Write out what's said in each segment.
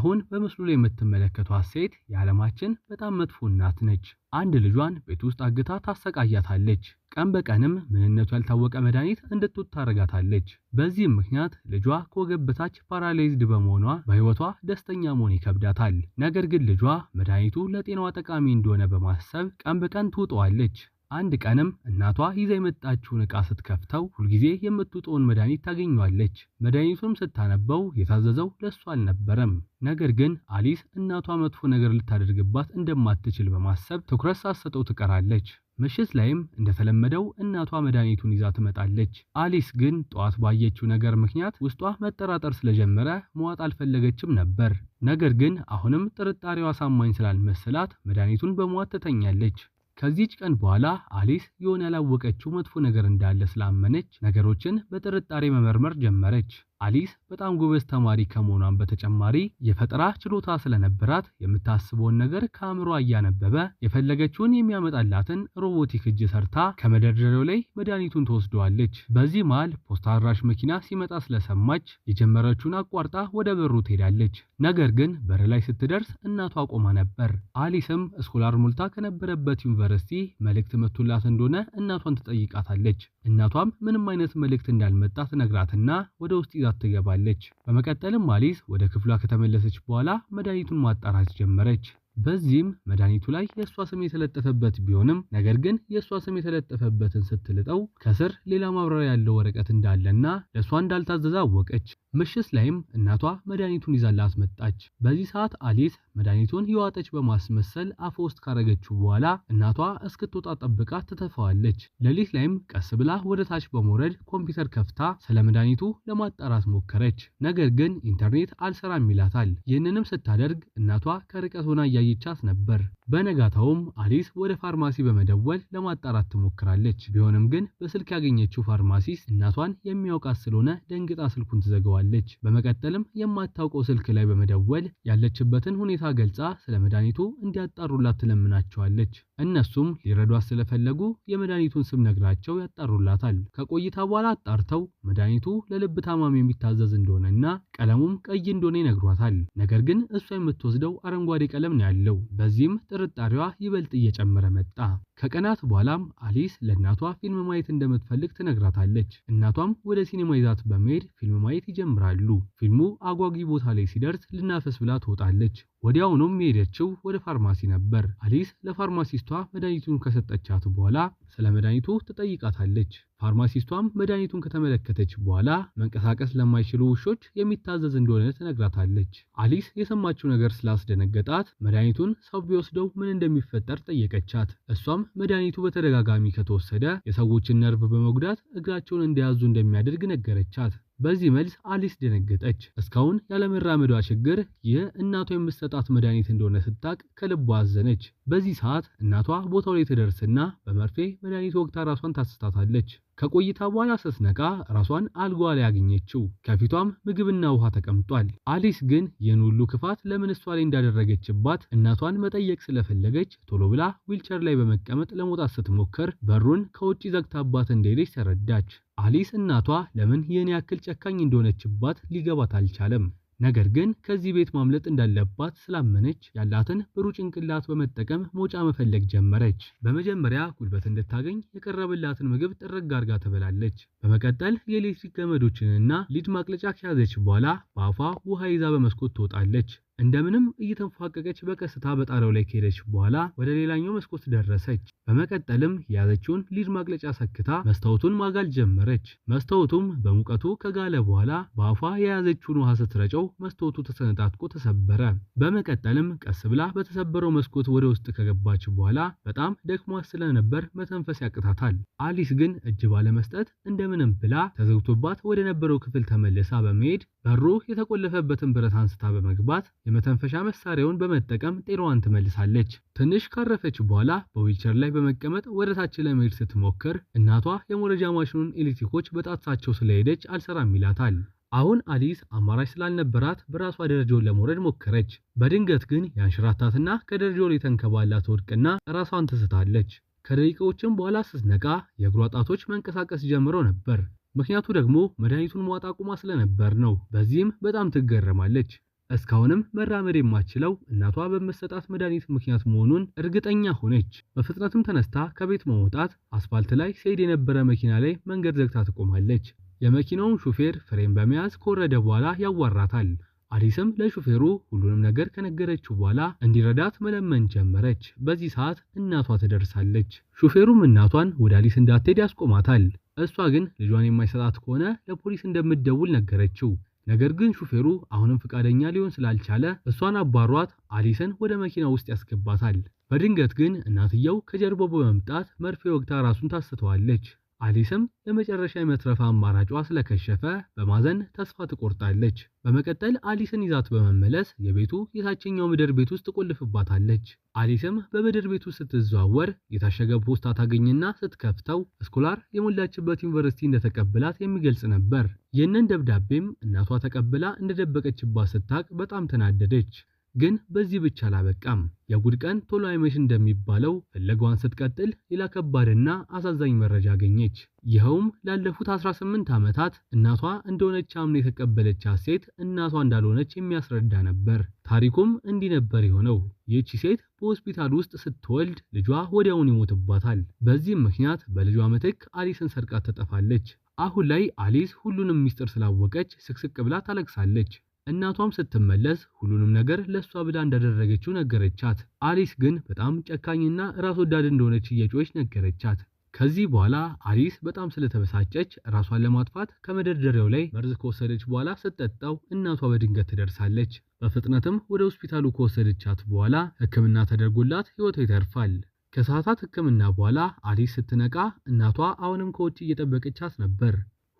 አሁን በምስሉ ላይ የምትመለከቷት ሴት የዓለማችን በጣም መጥፎ እናት ነች። አንድ ልጇን ቤት ውስጥ አግታ ታሰቃያታለች። ቀን በቀንም ምንነቱ ያልታወቀ መድኃኒት እንድትወጥ ታረጋታለች። በዚህም ምክንያት ልጇ ከወገብ በታች ፓራላይዝድ በመሆኗ በሕይወቷ ደስተኛ መሆን ይከብዳታል። ነገር ግን ልጇ መድኃኒቱ ለጤናዋ ጠቃሚ እንደሆነ በማሰብ ቀን በቀን ትውጠዋለች። አንድ ቀንም እናቷ ይዛ የመጣችውን ዕቃ ስትከፍተው ሁልጊዜ የምትውጠውን መድኃኒት ታገኘዋለች። መድኃኒቱንም ስታነበው የታዘዘው ለሷ አልነበረም። ነገር ግን አሊስ እናቷ መጥፎ ነገር ልታደርግባት እንደማትችል በማሰብ ትኩረት ሳትሰጠው ትቀራለች። ምሽት ላይም እንደተለመደው እናቷ መድኃኒቱን ይዛ ትመጣለች። አሊስ ግን ጠዋት ባየችው ነገር ምክንያት ውስጧ መጠራጠር ስለጀመረ መዋጥ አልፈለገችም ነበር። ነገር ግን አሁንም ጥርጣሬዋ አሳማኝ ስላልመሰላት መድኃኒቱን በመዋጥ ትተኛለች። ከዚች ቀን በኋላ አሊስ የሆነ ያላወቀችው መጥፎ ነገር እንዳለ ስላመነች ነገሮችን በጥርጣሬ መመርመር ጀመረች። አሊስ በጣም ጎበዝ ተማሪ ከመሆኗን በተጨማሪ የፈጠራ ችሎታ ስለነበራት የምታስበውን ነገር ከአእምሮ እያነበበ የፈለገችውን የሚያመጣላትን ሮቦቲክ እጅ ሰርታ ከመደርደሪያው ላይ መድኃኒቱን ትወስደዋለች። በዚህ መሃል ፖስታ አድራሽ መኪና ሲመጣ ስለሰማች የጀመረችውን አቋርጣ ወደ በሩ ትሄዳለች። ነገር ግን በር ላይ ስትደርስ እናቷ ቆማ ነበር። አሊስም ስኮላር ሞልታ ከነበረበት ዩኒቨርሲቲ መልእክት መቶላት እንደሆነ እናቷን ትጠይቃታለች። እናቷም ምንም አይነት መልእክት እንዳልመጣ ትነግራትና ወደ ውስጥ ይዛ ይዛት ትገባለች። በመቀጠልም አሊስ ወደ ክፍሏ ከተመለሰች በኋላ መድኃኒቱን ማጣራት ጀመረች። በዚህም መድኃኒቱ ላይ የእሷ ስም የተለጠፈበት ቢሆንም ነገር ግን የእሷ ስም የተለጠፈበትን ስትልጠው ከስር ሌላ ማብራሪያ ያለው ወረቀት እንዳለና ለእሷ እንዳልታዘዘ አወቀች። ምሽት ላይም እናቷ መድኃኒቱን ይዛላት መጣች። በዚህ ሰዓት አሊስ መድኃኒቱን የዋጠች በማስመሰል አፍ ውስጥ ካረገችው በኋላ እናቷ እስክትወጣ ጠብቃ ትተፋዋለች። ሌሊት ላይም ቀስ ብላ ወደ ታች በመውረድ ኮምፒውተር ከፍታ ስለ መድኃኒቱ ለማጣራት ሞከረች። ነገር ግን ኢንተርኔት አልሰራም ይላታል። ይህንንም ስታደርግ እናቷ ከርቀት ሆና እያየ አሳይቻት ነበር። በነጋታውም አሊስ ወደ ፋርማሲ በመደወል ለማጣራት ትሞክራለች። ቢሆንም ግን በስልክ ያገኘችው ፋርማሲስ እናቷን የሚያውቃት ስለሆነ ደንግጣ ስልኩን ትዘጋዋለች። በመቀጠልም የማታውቀው ስልክ ላይ በመደወል ያለችበትን ሁኔታ ገልጻ ስለ መድኃኒቱ እንዲያጣሩላት ትለምናቸዋለች። እነሱም ሊረዷት ስለፈለጉ የመድኃኒቱን ስም ነግራቸው ያጣሩላታል። ከቆይታ በኋላ አጣርተው መድኃኒቱ ለልብ ታማሚ የሚታዘዝ እንደሆነና ቀለሙም ቀይ እንደሆነ ይነግሯታል። ነገር ግን እሷ የምትወስደው አረንጓዴ ቀለም ነው ያለው። በዚህም ጥርጣሬዋ ይበልጥ እየጨመረ መጣ። ከቀናት በኋላም አሊስ ለእናቷ ፊልም ማየት እንደምትፈልግ ትነግራታለች። እናቷም ወደ ሲኔማ ይዛት በመሄድ ፊልም ማየት ይጀምራሉ። ፊልሙ አጓጊ ቦታ ላይ ሲደርስ ልናፈስ ብላ ትወጣለች። ወዲያውኑም የሄደችው ወደ ፋርማሲ ነበር። አሊስ ለፋርማሲስቷ መድኃኒቱን ከሰጠቻት በኋላ ስለ መድኃኒቱ ትጠይቃታለች። ፋርማሲስቷም መድኃኒቱን ከተመለከተች በኋላ መንቀሳቀስ ለማይችሉ ውሾች የሚታዘዝ እንደሆነ ትነግራታለች። አሊስ የሰማችው ነገር ስላስደነገጣት መድኃኒቱን ሰው ቢወስደው ምን እንደሚፈጠር ጠየቀቻት። እሷም መድኃኒቱ በተደጋጋሚ ከተወሰደ የሰዎችን ነርቭ በመጉዳት እግራቸውን እንደያዙ እንደሚያደርግ ነገረቻት። በዚህ መልስ አሊስ ደነገጠች። እስካሁን ያለመራመዷ ችግር የእናቷ የምትሰጣት መድኃኒት እንደሆነ ስታቅ ከልቧ አዘነች። በዚህ ሰዓት እናቷ ቦታው ላይ ትደርስና በመርፌ መድኃኒት ወቅታ ራሷን ታስታታለች። ከቆይታ በኋላ ስትነቃ ራሷን አልጓ ላይ ያገኘችው፣ ከፊቷም ምግብና ውሃ ተቀምጧል። አሊስ ግን ይህን ሁሉ ክፋት ለምን እሷ ላይ እንዳደረገችባት እናቷን መጠየቅ ስለፈለገች ቶሎ ብላ ዊልቸር ላይ በመቀመጥ ለመውጣት ስትሞክር በሩን ከውጭ ዘግታባት እንደሌለች ተረዳች። አሊስ እናቷ ለምን ይህን ያክል ጨካኝ እንደሆነችባት ሊገባት አልቻለም። ነገር ግን ከዚህ ቤት ማምለጥ እንዳለባት ስላመነች ያላትን ብሩህ ጭንቅላት በመጠቀም መውጫ መፈለግ ጀመረች። በመጀመሪያ ጉልበት እንድታገኝ የቀረበላትን ምግብ ጥርግ አርጋ ተበላለች። በመቀጠል የኤሌክትሪክ ገመዶችንና ሊድ ማቅለጫ ከያዘች በኋላ በአፏ ውሃ ይዛ በመስኮት ትወጣለች። እንደምንም እየተንፏቀቀች በቀስታ በጣሪያው ላይ ከሄደች በኋላ ወደ ሌላኛው መስኮት ደረሰች። በመቀጠልም የያዘችውን ሊድ ማግለጫ ሰክታ መስታወቱን ማጋል ጀመረች። መስታወቱም በሙቀቱ ከጋለ በኋላ በአፏ የያዘችውን ውሃ ስትረጨው መስታወቱ ተሰነጣጥቆ ተሰበረ። በመቀጠልም ቀስ ብላ በተሰበረው መስኮት ወደ ውስጥ ከገባች በኋላ በጣም ደክሟት ስለነበር መተንፈስ ያቅታታል። አሊስ ግን እጅ ባለመስጠት እንደምንም ብላ ተዘግቶባት ወደ ነበረው ክፍል ተመልሳ በመሄድ በሩ የተቆለፈበትን ብረት አንስታ በመግባት የመተንፈሻ መሳሪያውን በመጠቀም ጤናዋን ትመልሳለች። ትንሽ ካረፈች በኋላ በዊልቸር ላይ በመቀመጥ ወደ ታች ለመሄድ ስትሞክር እናቷ የመውረጃ ማሽኑን ኤሌክትሪኮች በጣታቸው ስለሄደች አልሰራም ይላታል። አሁን አሊስ አማራጭ ስላልነበራት በራሷ ደረጃውን ለመውረድ ሞከረች። በድንገት ግን የአንሽራታትና ከደረጃው ላይ ተንከባላ ትወድቅና ራሷን ትስታለች። ከደቂቃዎችም በኋላ ስትነቃ የእግሯ ጣቶች መንቀሳቀስ ጀምረው ነበር። ምክንያቱ ደግሞ መድኃኒቱን መዋጥ አቁማ ስለነበር ነው። በዚህም በጣም ትገረማለች። እስካሁንም መራመድ የማትችለው እናቷ በመሰጣት መድኃኒት ምክንያት መሆኑን እርግጠኛ ሆነች። በፍጥነትም ተነስታ ከቤት በመውጣት አስፋልት ላይ ሲሄድ የነበረ መኪና ላይ መንገድ ዘግታ ትቆማለች። የመኪናውን ሹፌር ፍሬም በመያዝ ከወረደ በኋላ ያዋራታል። አዲስም ለሹፌሩ ሁሉንም ነገር ከነገረችው በኋላ እንዲረዳት መለመን ጀመረች። በዚህ ሰዓት እናቷ ትደርሳለች። ሹፌሩም እናቷን ወደ አዲስ እንዳትሄድ ያስቆማታል። እሷ ግን ልጇን የማይሰጣት ከሆነ ለፖሊስ እንደምትደውል ነገረችው። ነገር ግን ሹፌሩ አሁንም ፈቃደኛ ሊሆን ስላልቻለ እሷን አባሯት አሊሰን ወደ መኪና ውስጥ ያስገባታል። በድንገት ግን እናትየው ከጀርባው በመምጣት መርፌ ወግታ ራሱን ታስተዋለች። አሊስም የመጨረሻ የመትረፍ አማራጯ ስለከሸፈ በማዘን ተስፋ ትቆርጣለች። በመቀጠል አሊስን ይዛት በመመለስ የቤቱ የታችኛው ምድር ቤት ውስጥ ትቆልፍባታለች። አሊስም በምድር ቤቱ ስትዘዋወር የታሸገ ፖስታ ታገኝና ስትከፍተው ስኮላር የሞላችበት ዩኒቨርሲቲ እንደተቀበላት የሚገልጽ ነበር። ይህንን ደብዳቤም እናቷ ተቀብላ እንደደበቀችባት ስታቅ በጣም ተናደደች። ግን በዚህ ብቻ አላበቃም። የጉድ ቀን ቶሎ አይመሽ እንደሚባለው ፍለጋዋን ስትቀጥል ሌላ ከባድና አሳዛኝ መረጃ አገኘች። ይኸውም ላለፉት 18 ዓመታት እናቷ እንደሆነች አምና የተቀበለቻት ሴት እናቷ እንዳልሆነች የሚያስረዳ ነበር። ታሪኩም እንዲህ ነበር የሆነው። ይህቺ ሴት በሆስፒታል ውስጥ ስትወልድ ልጇ ወዲያውን ይሞትባታል። በዚህም ምክንያት በልጇ ምትክ አሊስን ሰርቃት ተጠፋለች። አሁን ላይ አሊስ ሁሉንም ሚስጥር ስላወቀች ስቅስቅ ብላ ታለቅሳለች። እናቷም ስትመለስ ሁሉንም ነገር ለእሷ ብላ እንዳደረገችው ነገረቻት። አሊስ ግን በጣም ጨካኝና ራስ ወዳድ እንደሆነች እየጮች ነገረቻት። ከዚህ በኋላ አሊስ በጣም ስለተበሳጨች ራሷን ለማጥፋት ከመደርደሪያው ላይ መርዝ ከወሰደች በኋላ ስትጠጣው እናቷ በድንገት ትደርሳለች። በፍጥነትም ወደ ሆስፒታሉ ከወሰደቻት በኋላ ሕክምና ተደርጎላት ሕይወቷ ይተርፋል። ከሰዓታት ሕክምና በኋላ አሊስ ስትነቃ እናቷ አሁንም ከውጭ እየጠበቀቻት ነበር።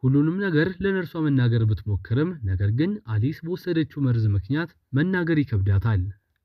ሁሉንም ነገር ለነርሷ መናገር ብትሞክርም ነገር ግን አሊስ በወሰደችው መርዝ ምክንያት መናገር ይከብዳታል።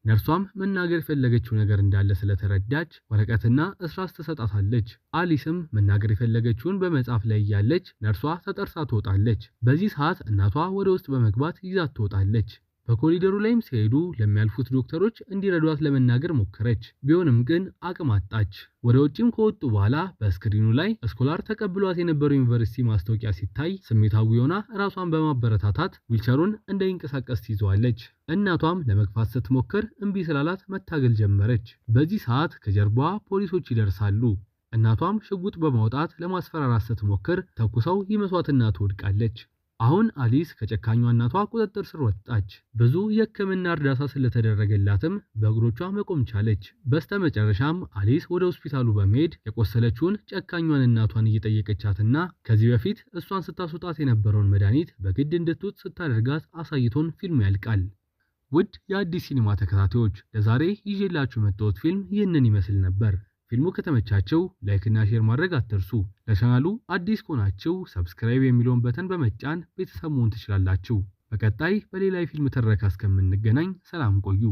ነርሷም መናገር የፈለገችው ነገር እንዳለ ስለተረዳች ወረቀትና እስራስ ትሰጣታለች። አሊስም መናገር የፈለገችውን በመጻፍ ላይ እያለች ነርሷ ተጠርሳ ትወጣለች። በዚህ ሰዓት እናቷ ወደ ውስጥ በመግባት ይዛት ትወጣለች። በኮሪደሩ ላይም ሲሄዱ ለሚያልፉት ዶክተሮች እንዲረዷት ለመናገር ሞከረች። ቢሆንም ግን አቅም አጣች። ወደ ውጭም ከወጡ በኋላ በስክሪኑ ላይ ስኮላር ተቀብሏት የነበረው ዩኒቨርሲቲ ማስታወቂያ ሲታይ ስሜታዊ ሆና ራሷን በማበረታታት ዊልቸሩን እንዳይንቀሳቀስ ትይዘዋለች። እናቷም ለመግፋት ስትሞክር እምቢ ስላላት መታገል ጀመረች። በዚህ ሰዓት ከጀርባዋ ፖሊሶች ይደርሳሉ። እናቷም ሽጉጥ በማውጣት ለማስፈራራት ስትሞክር ተኩሰው ይመሷትና ትወድቃለች። አሁን አሊስ ከጨካኟ እናቷ ቁጥጥር ስር ወጣች። ብዙ የሕክምና እርዳታ ስለተደረገላትም በእግሮቿ መቆም ቻለች። በስተመጨረሻም አሊስ ወደ ሆስፒታሉ በመሄድ የቆሰለችውን ጨካኟን እናቷን እየጠየቀቻትና ከዚህ በፊት እሷን ስታስወጣት የነበረውን መድኃኒት በግድ እንድትውጥ ስታደርጋት አሳይቶን ፊልሙ ያልቃል። ውድ የአዲስ ሲኒማ ተከታታዮች ለዛሬ ይዤላችሁ የመጣሁት ፊልም ይህንን ይመስል ነበር። ፊልሙ ከተመቻቸው ላይክና ሼር ማድረግ አትርሱ። ለቻናሉ አዲስ ከሆናችሁ ሰብስክራይብ የሚለውን በተን በመጫን ቤተሰብ መሆን ትችላላችሁ። በቀጣይ በሌላ የፊልም ትረካ እስከምንገናኝ ሰላም ቆዩ።